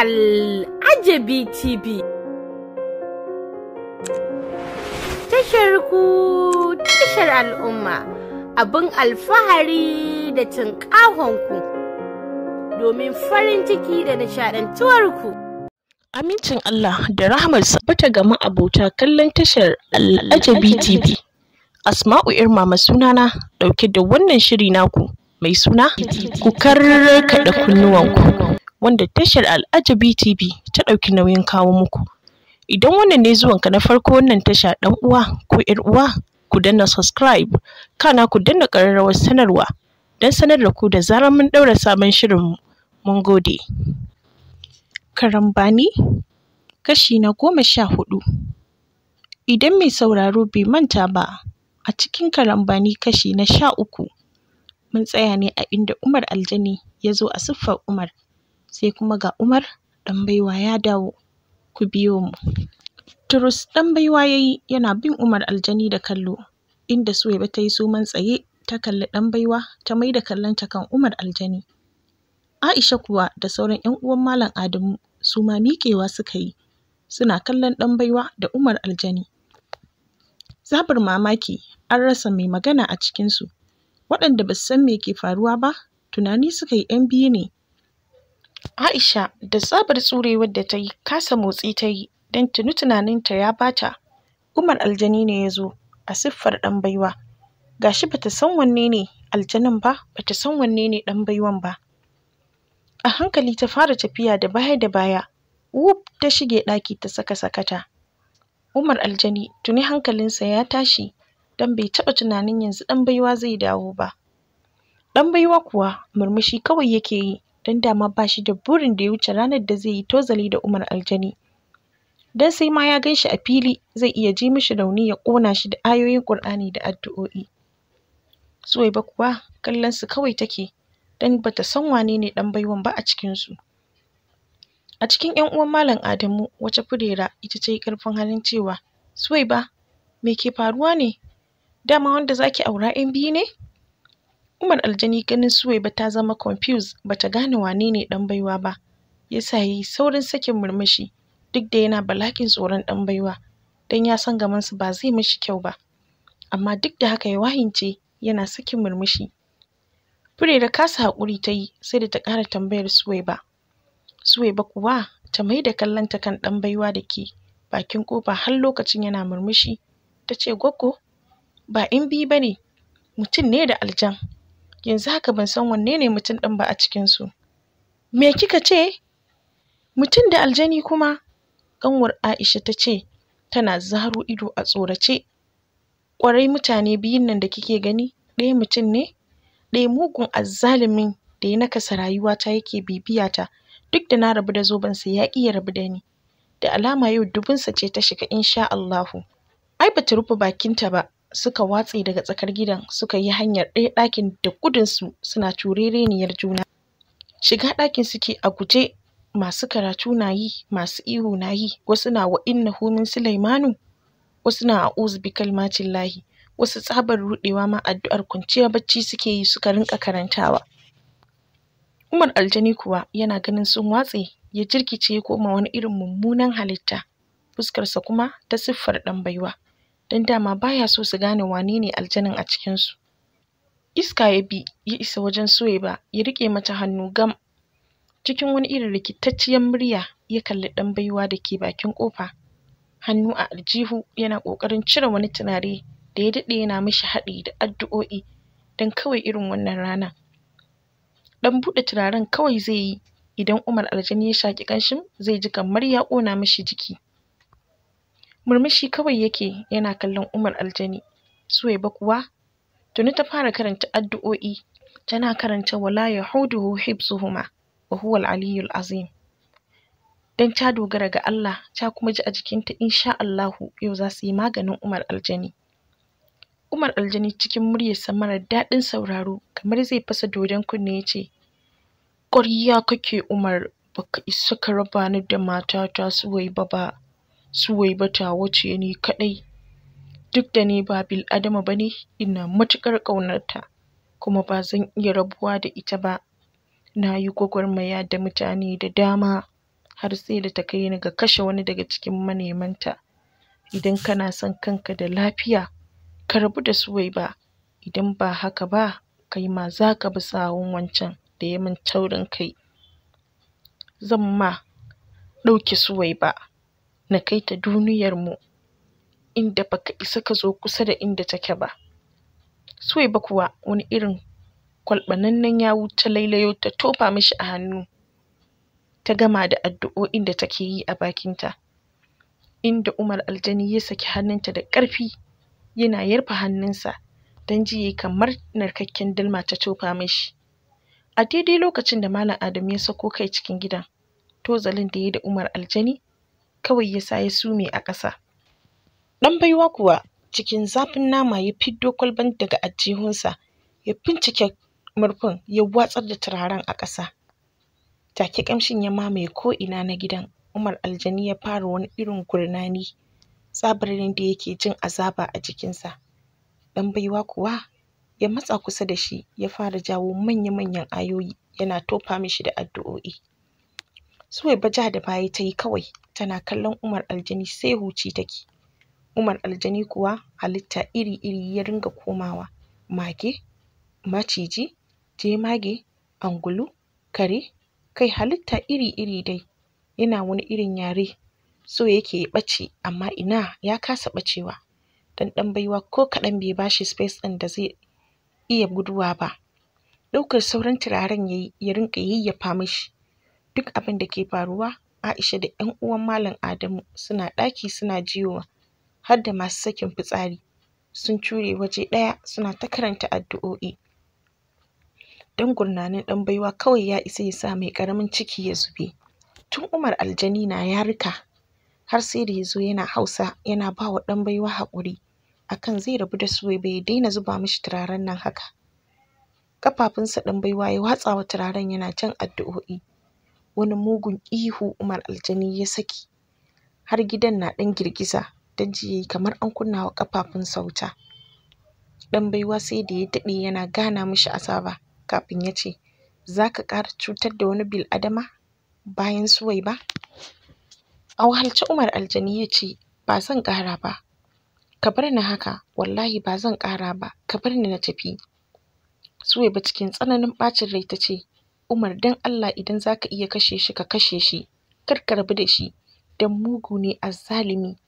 Al'ajabi TV. Tashar ku tashar al'umma abin alfahari da ku domin farin ciki da nishaɗantuwarku. Amincin Allah da rahmarsa bata gama abota kallon tashar Al'ajabi TV. Asma'u Irma sunana dauke da wannan shiri naku mai suna ku karkaɗa kunnuwanku. wanda tashar Al'ajabi TV ta ɗauki nauyin kawo muku. Idan wannan ne zuwanka na farko wannan tasha ɗan uwa ko ‘yar uwa ku danna subscribe kana ku danna ƙararrawar sanarwa don sanar da ku da zarar mun ɗaura sabon shirin mun gode. Karambani kashi na goma sha hudu. Idan mai sauraro bai manta ba a cikin karambani kashi na sha uku mun tsaya ne a inda Umar Aljani ya zo a siffar Umar sai kuma ga Umar ɗan ya dawo ku biyo mu turus ɗan baiwa yayi yana bin Umar aljani da kallo inda Suwaiba ta yi suman tsaye ta kalli ɗan ta mai da kallonta kan Umar aljani Aisha kuwa da sauran 'yan uwan Malam Adamu su ma miƙewa suka yi suna kallon ɗan da Umar aljani zabar mamaki an rasa mai magana a cikinsu waɗanda ba san me ke faruwa ba tunani suka yi 'yan biyu ne Aisha da tsabar tsurewar da ta yi kasa motsi ta yi don tuni tunaninta ya bata. Umar aljani ne ya zo a siffar ɗan baiwa. Ga shi bata san wanne ne aljanin ba bata san wanne ne ɗan baiwan ba. A hankali ta fara tafiya da baya da baya wuf ta shige ɗaki ta saka sakata. Umar aljani tuni hankalinsa ya tashi don bai taɓa tunanin yanzu ɗan baiwa zai dawo ba. Ɗan baiwa kuwa murmushi kawai yake yi Dan dama ba shi da burin da ya wuce ranar da zai yi tozali da Umar Aljani. Don sai ma ya gan shi a fili zai iya ji mishi rauni ya ƙona shi da ayoyin Ƙur'ani da addu'o'i. Suwaiba kuwa kallon su kawai take don bata san wane ne ɗan baiwan ba a cikinsu. A cikin 'yan uwan Malam Adamu wace kudera ita ce karfin ƙarfin halin cewa Suwaiba me ke faruwa ne? Dama wanda zaki aura 'yan biyu ne? Umar aljani ganin ba ta zama confused ta gane wane ne ɗan baiwa ba yasa yayi saurin sakin murmushi duk da yana balaƙin tsoron ɗan baiwa don ya san gamansu su ba zai mishi kyau ba amma duk da haka ya wahince yana sakin murmushi Fure da kasa haƙuri ta yi sai da ta ƙara tambayar Suwaiba Suwaiba kuwa ta maida kallonta kan ɗan baiwa da ke bakin kofa har lokacin yana murmushi Ta ce gwaggo ba in biyu bane mutum ne da aljan yanzu haka ban san wanne ne mutum ɗin ba a cikinsu me kika ce mutum da aljani kuma ƙanwar aisha ta ce tana zaro ido a tsorace ƙwarai mutane biyun nan da kike gani ɗaya mutum ne ɗaya mugun azzalumin da ya nakasa rayuwata yake bibiyata duk da na rabu da zobensa ya ƙi ya rabu da ni da alama yau dubunsa ce ta shiga insha Allahu ai bata rufe bakinta ba suka watse daga tsakar gidan suka yi hanyar ɗaya ɗakin da gudunsu suna curereniyar juna shiga ɗakin suke a guje masu karatu na yi masu ihu na yi wasu na wa innahu homin sulaimanu wasu na a bi kalmatin lahi wasu tsabar ruɗewa ma addu'ar kwanciya bacci suke yi suka rinka karantawa umar aljani kuwa yana ganin sun watse ya jirkice ya koma wani irin mummunan halitta fuskarsa kuma ta siffar ɗan baiwa don dama baya so su gane wanene aljanin a cikinsu. Iska ya bi ya isa wajen Suwaiba ya riƙe mata hannu gam. Cikin wani irin rikitacciyar murya ya kalli ɗan baiwa da ke bakin ƙofa, hannu a aljihu yana ƙoƙarin cire wani turare da ya daɗe yana mishi haɗi da addu'o'i don kawai irin wannan rana. Ɗan buɗe turaren kawai zai yi idan Umar aljani ya shaƙi ƙanshin zai ji kamar ya ƙona mishi jiki. murmushi kawai yake yana kallon Umar Aljani. Suwaiba kuwa tuni ta fara karanta addu'o'i tana karanta wala yahuduhu hibsuhuma wa al aliyyul azim. Dan ta dogara ga Allah ta kuma ji a jikinta insha Allahu yau za su yi maganin Umar Aljani. Umar Aljani cikin muryarsa marar daɗin sauraro kamar zai fasa dodon kunne yace ce, ƙwarya kake Umar baka isa ka raba ni da matata Suwaiba ba. Suwaiba tawa wace ni kaɗai. Duk da ni ba bil'adama ba ne, ina matuƙar ƙaunarta kuma ba zan iya rabuwa da ita ba. Na yi gwagwarmaya da mutane da dama har sai da ta kai ni ga kashe wani daga cikin manemanta. Idan kana son kanka da lafiya, ka rabu da Suwaiba, idan ba haka ba kai ma za ka bi sawun wancan da ya min taurin kai. Zan ma ɗauke Suwaiba. na kai ta duniyar mu inda baka isa ka zo kusa da inda take ba ba kuwa wani irin kwalbanannen ya ta lailayo ta tofa mishi a hannu ta gama da addu'o'in da take yi a bakinta inda Umar Aljani ya saki hannunta da ƙarfi yana yarfa hannunsa don ji yayi kamar narkakken dalma ta tofa mishi a daidai lokacin da Malam Adamu ya sako kai cikin gidan to zalin da yayi da Umar Aljani kawai ya sa ya sume a ƙasa. Ɗan baiwa kuwa cikin zafin nama ya fiddo kwalban daga ajihunsa ya bincike murfin ya watsar da turaren a ƙasa. Take ƙamshin ya mamaye ko'ina na gidan Umar Aljani ya fara wani irin gurnani tsabarin da yake jin azaba a jikinsa. Ɗan baiwa kuwa ya matsa kusa da shi ya fara jawo manya-manyan ayoyi yana tofa mishi da addu'o'i. Suwaiba ja da baya ta yi kawai tana kallon Umar Aljani sai huci take Umar Aljani kuwa halitta iri-iri ya ringa komawa mage maciji jemage angulu kare kai halitta iri-iri dai yana wani irin yare so yake ya ɓace amma ina ya kasa ɓacewa dan ɗan baiwa ko kaɗan bai bashi space ɗin da zai iya guduwa ba ɗaukar sauran turaren yayi ya rinƙa yayyafa mishi duk abinda ke faruwa Aisha da ‘yan uwan Malam Adamu suna ɗaki suna jiyowa har da masu sakin fitsari sun cure waje ɗaya suna ta karanta addu'o'i. Don gurnanin ɗan baiwa kawai ya isa ya sa mai ƙaramin ciki ya zube. Tun Umar aljani na rika. har sai da ya zo yana Hausa yana ba wa ɗan baiwa haƙuri a kan zai rabu da su ba ya daina zuba mishi turaren nan haka. Ƙafafunsa ɗan baiwa ya watsa wa turaren yana jan addu'o'i. wani mugun ihu Umar aljani ya saki har gidan na ɗan girgiza don ji yayi kamar an kunna wa ƙafafunsa wuta ɗan baiwa sai da ya daɗe yana gana mishi azaba kafin ya ce Za ka ƙara cutar da wani biladama adama bayan Suwaiba a wahalce Umar aljani ya ce ba zan ƙara ba ka bar ni haka wallahi ba zan ƙara ba ka bar ni na tafi Suwaiba cikin tsananin ɓacin rai ta ce Umar dan Allah idan zaka iya kashe shi ka kashe shi kar ka rabu da shi dan mugu ne azzalumi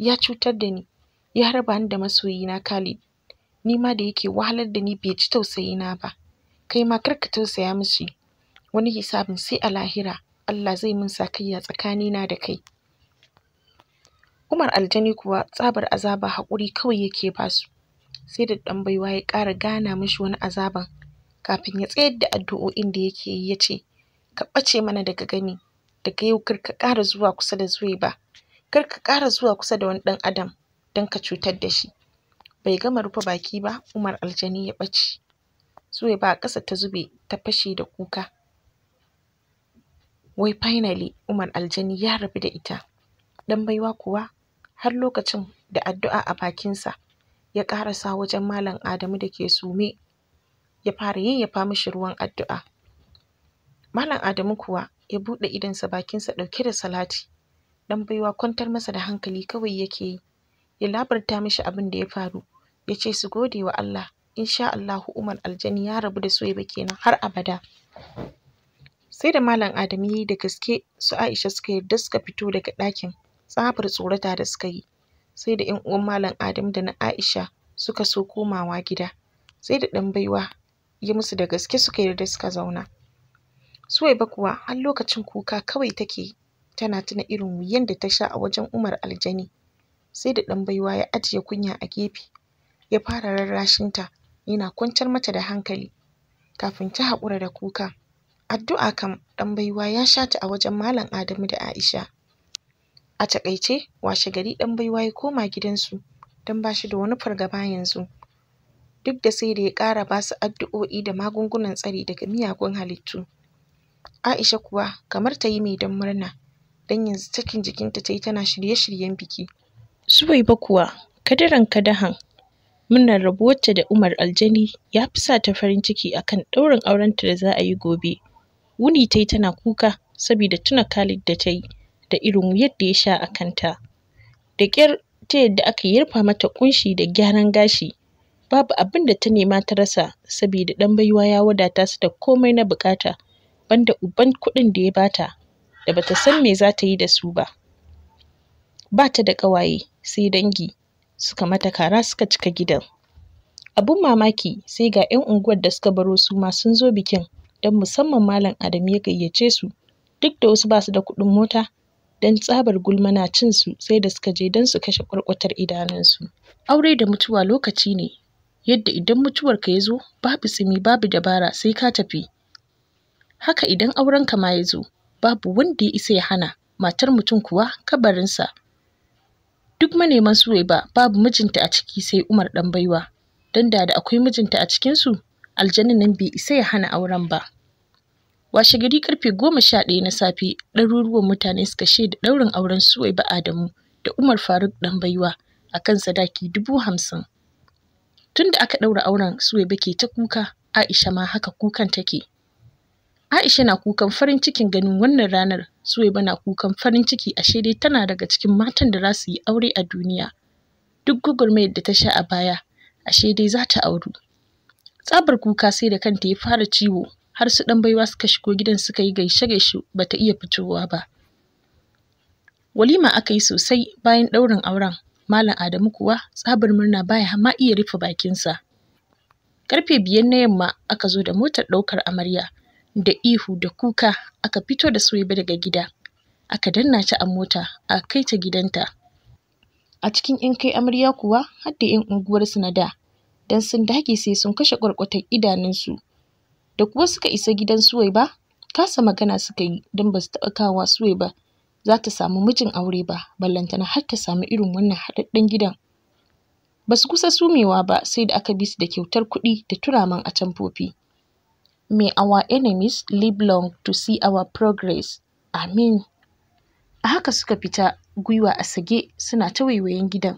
ya cutar da ni ya harba ni da masoyina Khalid ni ma da yake wahalar da ni bai tausayi na ba kai ma kar ka tausaya mishi wani hisabin sai a lahira Allah zai min sakayya tsakanina da kai Umar aljani kuwa tsabar azaba haƙuri kawai yake basu sai da ɗan baiwa ya ƙara gana mishi wani azaban kafin ya tsayar da addu'o'in da yake yi ya ce ka ɓace mana daga gani daga yau kar ka ƙara zuwa kusa da zuwaiba kar ka ƙara zuwa kusa da wani ɗan adam don ka cutar da shi bai gama rufe baki ba umar aljani ya ɓace zuwaiba a ƙasa ta zube ta fashe da kuka wai finally umar aljani ya rabu da ita ɗan baiwa kuwa har lokacin da addu'a a bakinsa ya ƙarasa wajen malam adamu da ke sume ya fara yayyafa mishi ruwan addu'a. Malam Adamu kuwa ya buɗe idonsa bakinsa ɗauke da salati. Dan baiwa kwantar masa da hankali kawai yake yi. Ya labarta mishi abin da ya faru. Ya ce su gode wa Allah. Insha Allahu Umar Aljani ya rabu da soyayya kenan har abada. Sai da Malam Adamu ya yi da gaske su Aisha suka yarda suka fito daga ɗakin tsabar tsorata da suka yi. Sai da ‘yan uwan Malam Adamu da na Aisha suka so komawa gida. Sai da ɗan baiwa yi musu da gaske suka yarda suka zauna Suwaiba kuwa har lokacin kuka kawai take tana tuna irin wuyan da ta sha a wajen Umar Aljani sai da ɗan baiwa ya ajiye kunya a gefe ya fara rarrashin ta yana kwantar mata da hankali kafin ta haƙura da kuka addu'a kam ɗan baiwa ya sha ta a wajen Malam Adamu da Aisha a taƙaice washe gari ɗan baiwa ya koma gidansu don ba shi da wani fargaba yanzu duk da sai da ya ƙara ba su addu'o'i da magungunan tsari daga miyagun halittu. Aisha kuwa kamar ta yi mai don murna, don yanzu cikin jikinta ta yi tana shirye-shiryen biki. Suwaiba kuwa kadaran kadahan murnar rabuwarta da Umar Aljani ya fi sa ta farin ciki akan ɗaurin aurenta da za a yi gobe. Wuni ta yi tana kuka saboda tuna Khalid da ta yi da irin wuyar da ya sha a kanta. Da ƙyar ta yadda aka yarfa mata ƙunshi da gyaran gashi babu abin da ta nema ta rasa saboda ɗan baiwa ya wadata su da komai na bukata banda uban kuɗin da ya bata da bata san me za ta yi da su ba ba ta da ƙawaye sai dangi suka mata kara suka cika gidan abun mamaki sai ga 'yan unguwar da suka baro su ma sun zo bikin don musamman malam Adamu ya gayyace su duk da wasu ba su da kuɗin mota don tsabar gulma na cin su sai da suka je don su kashe kwarkwatar idanunsu aure da mutuwa lokaci ne yadda idan mutuwar ka ya zo babu tsimi babu dabara sai ka tafi haka idan aurenka ma ya zo babu wanda ya isa ya hana matar mutum kuwa kabarinsa duk maneman Suwaiba babu mijinta a ciki sai Umar dan baiwa dan da akwai mijinta a cikinsu, su aljannin nan bai isa ya hana auren ba washe gari karfe goma sha ɗaya na safe ɗaruruwan mutane suka shaida ɗaurin auren Suwaiba Adamu da Umar Faruk dan baiwa akan sadaki dubu hamsin Tun da aka ɗaura auren Suwaiba ke ta kuka, Aisha ma haka kukan take. Aisha na kukan farin cikin ganin wannan ranar, Suwaiba na kukan farin ciki ashe dai tana daga cikin matan da za su yi aure a duniya. Duk gugurmayar da ta sha a baya, ashe dai za ta auru. Tsabar kuka sai da kanta ya fara ciwo, har su ɗan baiwa suka shigo gidan suka yi gaishe-gaishe ba ta iya fitowa ba. Walima aka yi sosai bayan ɗaurin auren. Malam Adamu kuwa tsabar murna baya ma iya rufe bakinsa. Karfe biyar na yamma aka zo da motar ɗaukar amarya da ihu da kuka aka fito da Suwaiba daga gida. Aka danna ta a mota a kai ta gidanta. A cikin 'yan kai amarya kuwa har da 'yan unguwarsu na da don sun dage sai sun kashe kwarkwatar idanunsu. Da kuwa suka isa gidan Suwaiba kasa magana suka yi don basu su taɓa kawowa Suwaiba za ta samu mijin aure ba ballantana har ta samu irin wannan haɗaɗɗen gidan ba su kusa sumewa ba sai da aka bi su da kyautar kuɗi da turaman atamfofi may our enemies live long to see our progress amin a haka suka fita gwiwa a sage suna ta waiwayen gidan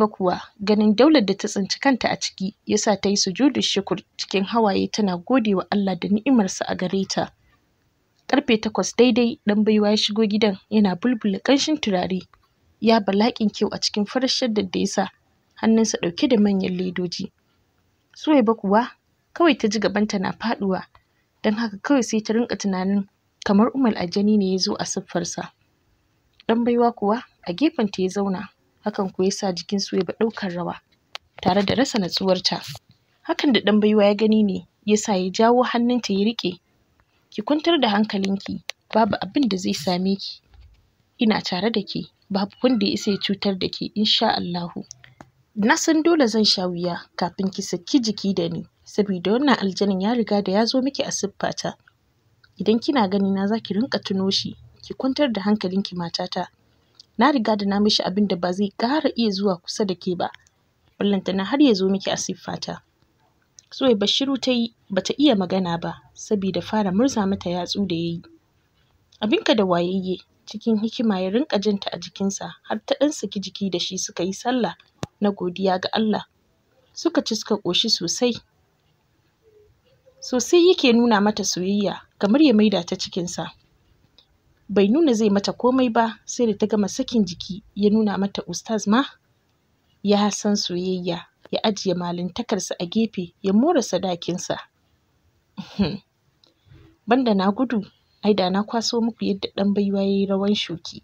ba kuwa ganin daular da ta tsinci kanta a ciki ya sa ta yi sujudu shukur cikin hawaye tana gode wa Allah da ni'imarsa a gare ta. Karfe takwas daidai ɗan baiwa ya shigo gidan yana bulbula ƙanshin turare. Ya balaƙin kyau a cikin farar shaddar da hannun sa, hannunsa ɗauke da manyan ledoji. Suwaiba kuwa kawai ta ji gabanta na faɗuwa, don haka kawai sai ta rinka tunanin kamar umar aljani ne ya zo a siffarsa. Ɗan baiwa kuwa a gefenta ya zauna, hakan kuwa ya sa jikin Suwaiba ɗaukar rawa, tare da rasa natsuwarta. Hakan da ɗan baiwa ya gani ne ya sa ya jawo hannunta ya riƙe ki kwantar da hankalinki babu abin da zai same ki ina tare da ke babu wanda ya isa ya cutar da ke insha Allahu na san dole zan sha wuya kafin ki saki jiki da ni saboda wannan aljanin ya riga da ya zo miki a siffata idan kina gani na za ki rinka tuno shi ki kwantar da hankalinki matata na riga da na mishi abin da ba zai ƙara iya zuwa kusa da ke ba ballantana har ya zo miki a siffata Suwai Bashiru ta yi ba ta iya magana ba sabida fara murza mata yatsu da ya yi. Abinka da wayayye cikin hikima ya rinƙa jinta a jikinsa har ta ɗan saki jiki da shi suka yi sallah na godiya ga Allah. Suka ci suka ƙoshi sosai. Sosai yake nuna mata soyayya kamar ya maida ta cikinsa. Bai nuna zai mata komai ba sai da ta gama sakin jiki ya nuna mata ustaz ma ya san soyayya ya ajiye malintakarsa a gefe ya mora sadakinsa uhm. banda na gudu ai da na kwaso muku yadda ɗan baiwa yi rawan shoki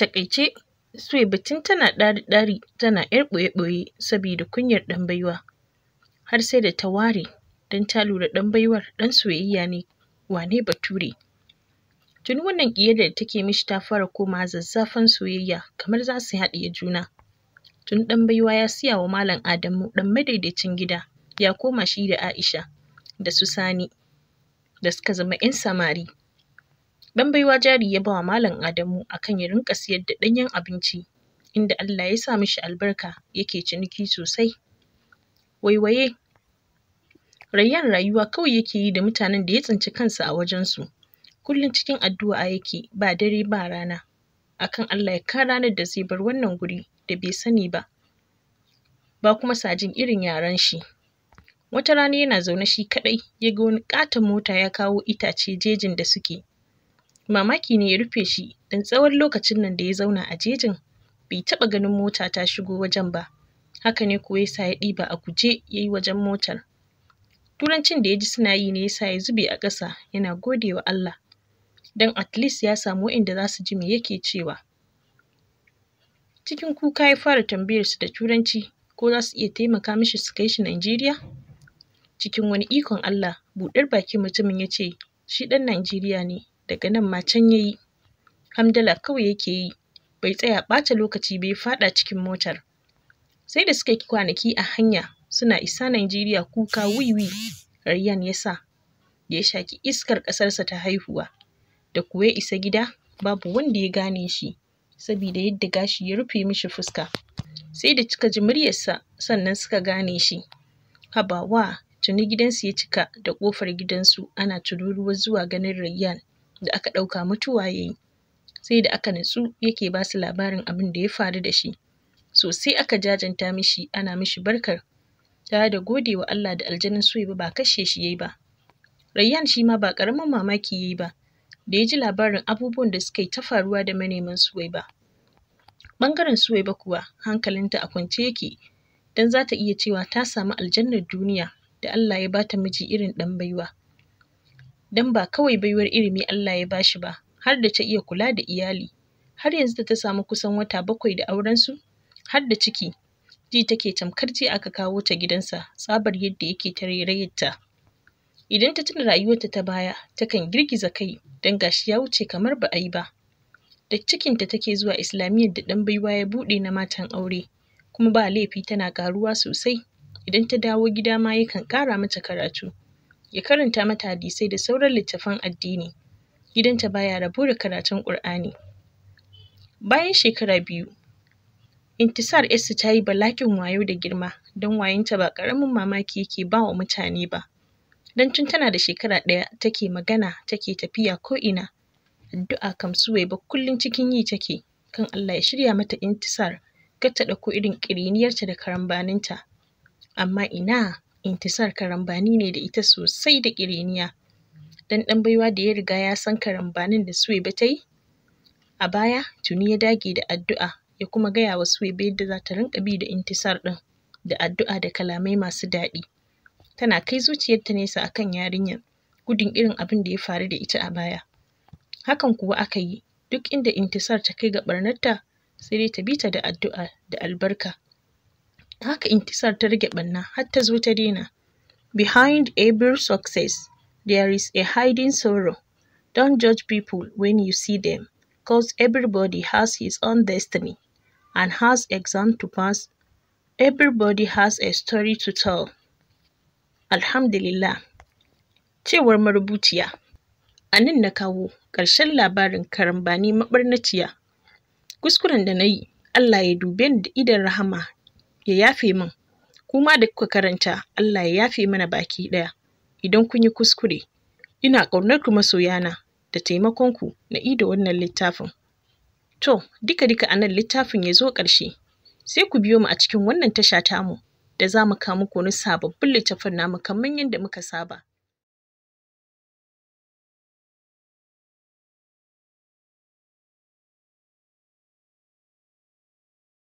taƙaice sai batun tana ɗari-ɗari tana ‘yar ɓoye-ɓoye sabida kunyar ɗan baiwa, har sai da ta ware don ta lura ɗan baiwar ɗan soyayya ne wane Bature. Tun wannan ƙiyayyar da take mishi ta fara koma zazzafan soyayya kamar za su haɗiye juna. Tun ɗan baiwa ya siya wa Malam Adamu ɗan madaidaicin gida ya koma shi da Aisha da su Sani da suka zama ‘yan samari. Ɗan baiwa jari ya bawa Malam Adamu akan ya rinƙa siyar da ɗanyen abinci inda Allah ya sa mishi albarka yake ciniki sosai. Waiwaye Rayyan rayuwa kawai yake yi da mutanen da ya tsinci kansa a wajensu. Kullum cikin addu'a yake ba dare ba rana akan Allah ya kawo ranar da zai bar wannan guri da bai sani ba. Ba kuma sajin irin yaren shi. Wata rana yana zaune shi kaɗai ya ga wani ƙaton mota ya kawo itace jejin da suke. mamaki ne ya rufe shi don tsawon lokacin nan da ya zauna a jejin bai taɓa ganin mota ta shigo wajen ba haka ne kuwa yasa ya ɗiba a guje ya yi wajen motar turancin da ya ji suna yi ne yasa ya zube a ƙasa yana gode wa Allah don at least ya samu waɗanda za su ji me yake cewa cikin kuka ya fara tambayar su da turanci ko za su iya taimaka mishi su kai shi Najeriya cikin wani ikon Allah buɗar bakin mutumin ya ce shi ɗan Najeriya ne daga nan ma can yi. hamdala kawai yake yi bai tsaya ɓata lokaci bai faɗa cikin motar sai da suka yi kwanaki a hanya suna isa Najeriya kuka wiwi Rayyan ya sa ya shaki iskar ƙasarsa ta haihuwa da kuwa ya isa gida babu wanda ya gane shi saboda yadda gashi ya rufe mishi fuska sai da suka ji muryarsa sannan suka gane shi habawa tuni gidansu ya cika da ƙofar gidansu ana tururuwa zuwa ganin Rayyan da aka ɗauka mutuwa ya yi sai da aka natsu yake ba su labarin abin da ya faru da shi sosai aka jajanta mishi ana mishi barkar ta da gode wa Allah da aljanin suwaiba ba kashe shi yayi ba Rayyan shi ma ba karamin mamaki yayi ba da ya ji labarin abubuwan da suka yi ta faruwa da maneman suwaiba bangaren suwaiba kuwa hankalinta a kwance yake dan za ta iya cewa ta samu aljannar duniya da Allah ya bata miji irin ɗan baiwa don ba kawai baiwar ilimi Allah ya bashi ba har da ta iya kula da iyali har yanzu da ta samu kusan wata bakwai da aurensu har da ciki ji take tamkar ji aka kawo ta gidansa tsabar yadda yake ta rairayarta idan ta tuna rayuwarta ta baya takan girgiza kai don gashi ya wuce kamar ba a yi ba da cikinta take zuwa islamiyyar da ɗan baiwa ya buɗe na matan aure kuma ba laifi tana ƙaruwa sosai idan ta dawo gida ma yakan ƙara mata karatu ya karanta mata hadisai da sauran littafan addini. Gidanta baya rabu da karatun Ƙur'ani. Bayan shekara biyu, Intisar yarsu ta yi bala'in wayo da girma don wayenta ba ƙaramin mamaki yake ba wa mutane ba. Don tun tana da shekara ɗaya take magana take tafiya ko'ina. Addu'a kam suwai ba kullum cikin yi take kan Allah ya shirya mata intisar kar ta ɗauko irin ƙiriniyarta da karambaninta. Amma ina intisar karambani ne da ita sosai da ƙiriniya dan ɗan baiwa da ya riga ya san karambanin da suwaiba ta yi a baya tuni ya dage da addu'a ya kuma gaya wa suwaiba yadda za ta rinka bi da intisar ɗin da addu'a da kalamai masu daɗi tana kai zuciyarta nesa a kan yarinyar gudun irin abin da ya faru da ita a baya hakan kuwa aka yi duk inda intisar ta kai ga ɓarnarta sai dai ta bi ta da addu'a da albarka haka intisar ta rage ɓanna har ta zo ta daina behind every success there is a hiding sorrow don't judge people when you see them cause everybody has his own destiny and has exam to pass everybody has a story to tell alhamdulillah cewar marubuciya a nan na kawo ƙarshen labarin karambani maɓarnaciya kuskuren da na yi Allah ya dube ni da idon rahama ya yafe min kuma da kuka karanta Allah ya yafe mana baki ɗaya idan kun yi kuskure ina ƙaunar ku na, da taimakon ku na ido wannan littafin to duka duka a nan littafin ya zo ƙarshe sai ku biyo mu a cikin wannan tasha tamu da za mu kawo muku wani sababbin littafin namu kamar yadda muka saba